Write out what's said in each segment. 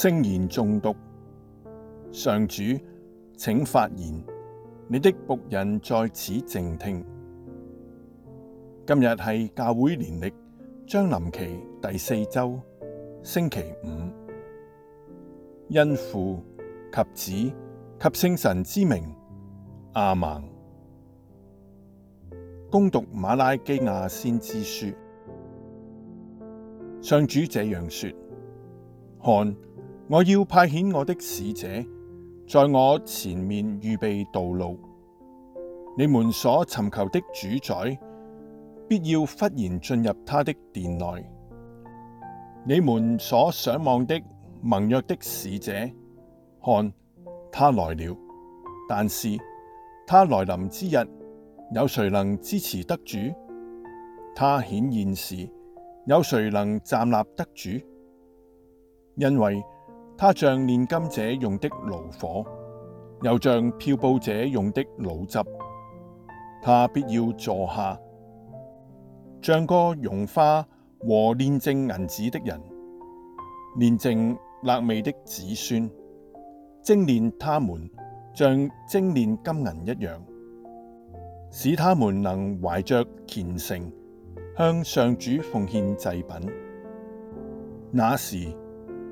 聖言誦讀，上主，請發言，你的僕人在此靜聽。今日係教會年曆將臨期第四周，星期五，因父及子及聖神之名，阿門。恭讀馬拉基亞先知書，上主這樣說，看！我要派遣我的使者，在我前面預備道路，你們所尋求的主宰必要忽然進入他的殿內。你們所想望的盟約的使者，看，他來了。但是，他來臨之日，有誰能支持得住？他顯現時，有誰能站立得住？因為他像煉金者用的爐火，又像漂布者用的滷汁。他必要坐下，像個溶化和煉淨銀子的人，煉淨肋未的子孫，精煉他們，像精煉金銀一樣，使他們能懷着虔誠向上主奉獻祭品。那時，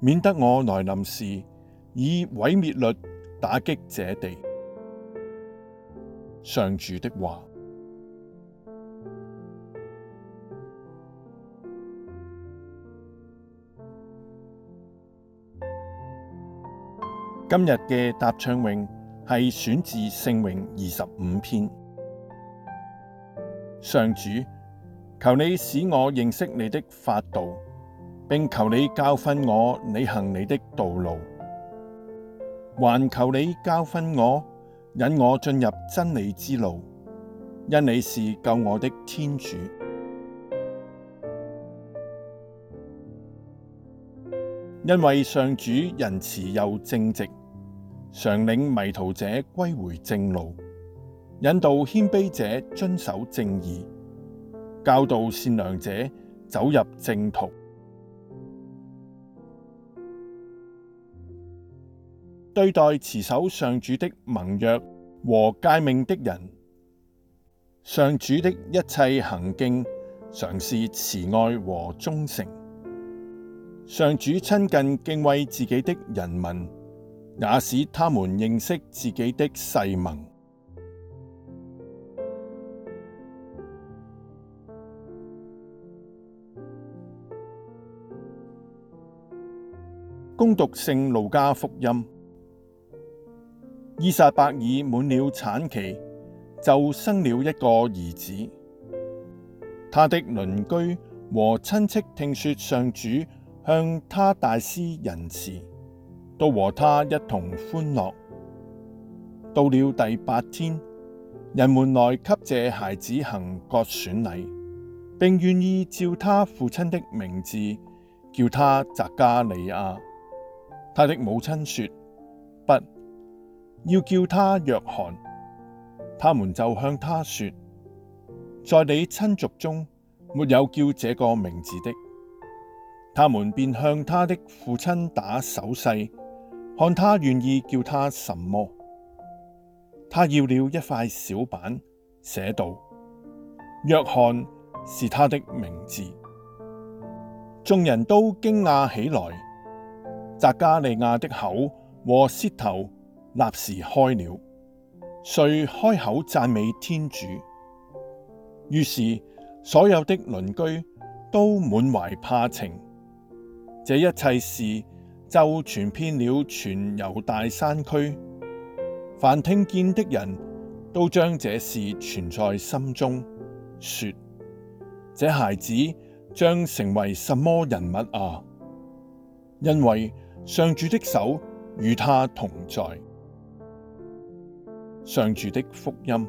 免得我來臨時，以毀滅律打擊這地。上主的話，今日嘅答唱詠係選自聖詠二十五篇。上主，求你使我認識你的法度。並求你教訓我，履行你的道路；還求你教訓我，引我進入真理之路。因你是救我的天主。因為上主仁慈又正直，常領迷途者歸回正路，引導謙卑者遵守正義，教導善良者走入正途。對待持守上主的盟約和誡命的人，上主的一切行徑常是慈愛和忠誠。上主親近敬畏自己的人民，也使他們認識自己的誓盟。恭讀聖路加福音。依撒伯爾滿了產期，就生了一個兒子。他的鄰居和親戚聽說上主向他大施仁慈，都和他一同歡樂。到了第八天，人們來給這孩子行割損禮，並願意照他父親的名字叫他匝加利亞。他的母親說：不。要叫他若翰，他們就向他說：在你親族中沒有叫這個名字的。他們便向他的父親打手勢，看他願意叫他什麼。他要了一塊小板，寫道，若翰是他的名字。眾人都驚訝起來。匝加利亞的口和舌頭。立時開了，遂開口讚美天主。於是，所有的鄰居都滿懷怕情。這一切事就傳遍了全猶大山區，凡聽見的人都將這事存在心中，說：這孩子將成為什麼人物啊？因為上主的手與他同在。上主的福音。